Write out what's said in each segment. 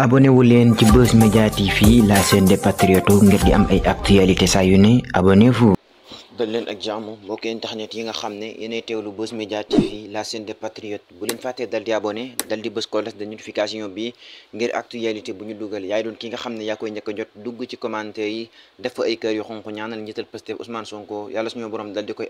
abonné wu leen ci Buzz Media TV la chaîne des patriotes ngir di am ay actualité saa yu ne dal leen ak jàmm mbokki internet yi nga xam ne yéenay teewlu Buzz Media TV la chaîne des patriotes bu leen fàttee dal di abonné dal di bës cloche a yi def fa ay kër dal di koy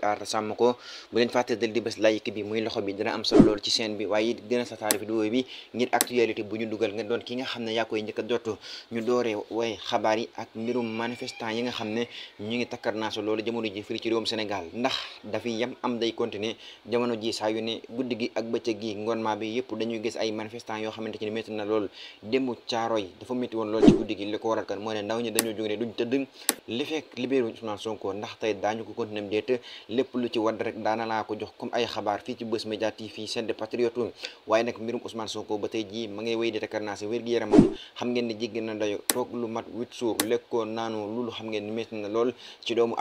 bi ngir actualité bu ñu dugal nga doon ki nga xam ne yaa koy njëkk a jot ñu dooree way xabaar yi ak mbirum manifestant yi nga xam ne ñu ngi takkar naa loolu jamono ji ci réewum Sénégal ndax dafiy yem am day continuer jamono ji saa yu ne guddi gi ak bëccëg gi ngoonement bi yëpp dañuy gis ay manifestant yoo xamante ni métti na lool démb yi dafa métti woon lool ci guddi gi ko waral moo ne ndaw ñi dañoo jóg ne duñ tëdd li fekk libéré wuñ Ousmane Sonko ko continuer lépp lu ci wadd rek daana laa ko jox comme ay xabaar fii ci Buzz Media TV fii seen de patriote waaye nag mbirum Ousmane Sonko ba tey jii ma ngay wéy di rekarnaase wér gi yaramam xam ngeen ne jéggi na dayo toog lu mat huit jours lekkoo naanu loolu xam ngeen ni métti na lool ci doomu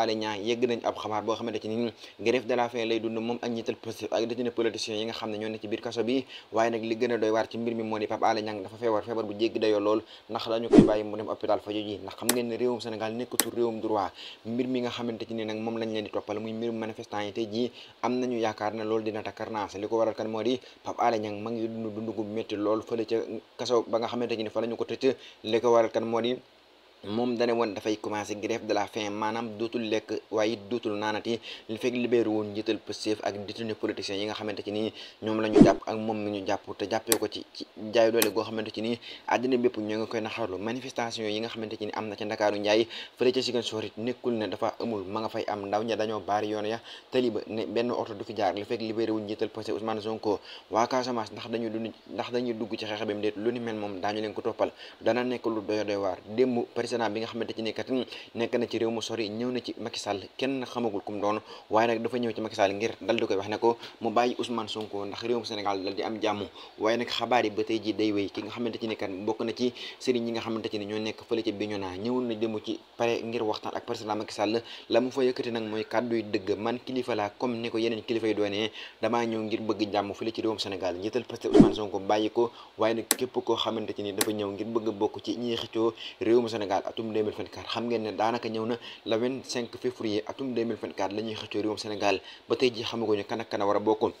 Alé Niang yegg nañ ab xabaar boo xamante ci ni grève de la lay dund moom ak ñiital Pastef yi nga xam ne ñoo ne ci biir kaso bi waaye nag li gën doy waar ci mbir mi nga xamante ci ni nag moom lañ leen di toppal muy mbirum manifestant yi tey jii am nañu yaakaar ne loolu dina takarnaas li ko waral kan moo di Pape Alé Niang ma ngi gu métti lool fële ca kaso ba nga xamante ci ni fa lañu ko tëcc li ko waral kan moo moom dane woon dafay commencé grève de la faim maanaam dootul lekk waaye it dootul naanati li fekk libéré woon njiital Pastef ak détenu yi nga xamante ci nii ñoom la ñu jàpp ak moom mi ñu jàpp te jàppee ko ci ci jaay doole goo xamante ci nii àddina bépp ñoo ngi koy yi nga xamante ci ni am na ci Ndakaaru Njaay fële ca Ziguinchor ne dafa amul ma nga fay am ndaw ña dañoo baari yoon ya tali ba ne benn oto du fi jaar li fekk libéré wuñ njiital Pastef Ousmane Sonko waa Casamance ndax dañuy dund ndax dañuy dugg ci xeex bi mu déet lu ni mel moom daañu leen ko toppal dana nekk lu doy waar démb président bi nga xamante ci nekkat nekk na ci réew mu sori ñëw na ci Macky Sall kenn xamagul kum doon waaye nag dafa ñëw ci Macky Sall ngir dal di koy wax ne ko jàmm waaye ki nga xamante ci nekkat bokk na ci sëriñ nga xamante ci ne ñoo nekk fële ca Bignona ñëwoon na jëm ci pare ngir waxtaan ak président Macky Sall la mu fa yëkkati nag mooy kàddu ko yeneen kilifa yi doonee damaa ñëw ngir bëgg ni dafa ñëw ngir bëgg bokk ci ñi Sénégal atum 2024 xam ngeen ne daanaka ñëw na le 25 février atum 2024 la ñuy xëccoo réewum Sénégal ba tey ji xamaguñu kan ak kan a war a bokkoon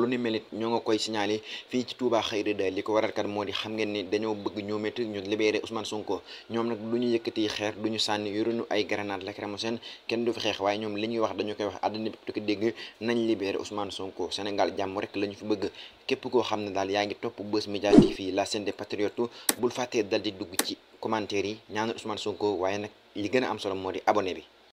lu ni mel ñoo nga koy signalé fii ci Touba Xayri da li ko waral kat moo di xam ngeen ni dañoo bëgg ñoom it ñu libéré Ousmane Sonko ñoom nag du ñu yëkkati xeer du ñu sànni yoruñu ay grenade lacrymogène kenn du fi xeex waaye ñoom li ñuy wax dañu koy wax àddina bi ko dégg nañ libéré Ousmane Sonko Sénégal jàmm rek la ñu fi bëgg képp koo xam ne daal yaa ngi topp Buzz Media TV la chaîne des patriotes fàttee dal di dugg ci commentaire yi ñaanal Ousmane Sonko waaye nag li gën a am solo moo di abonné bi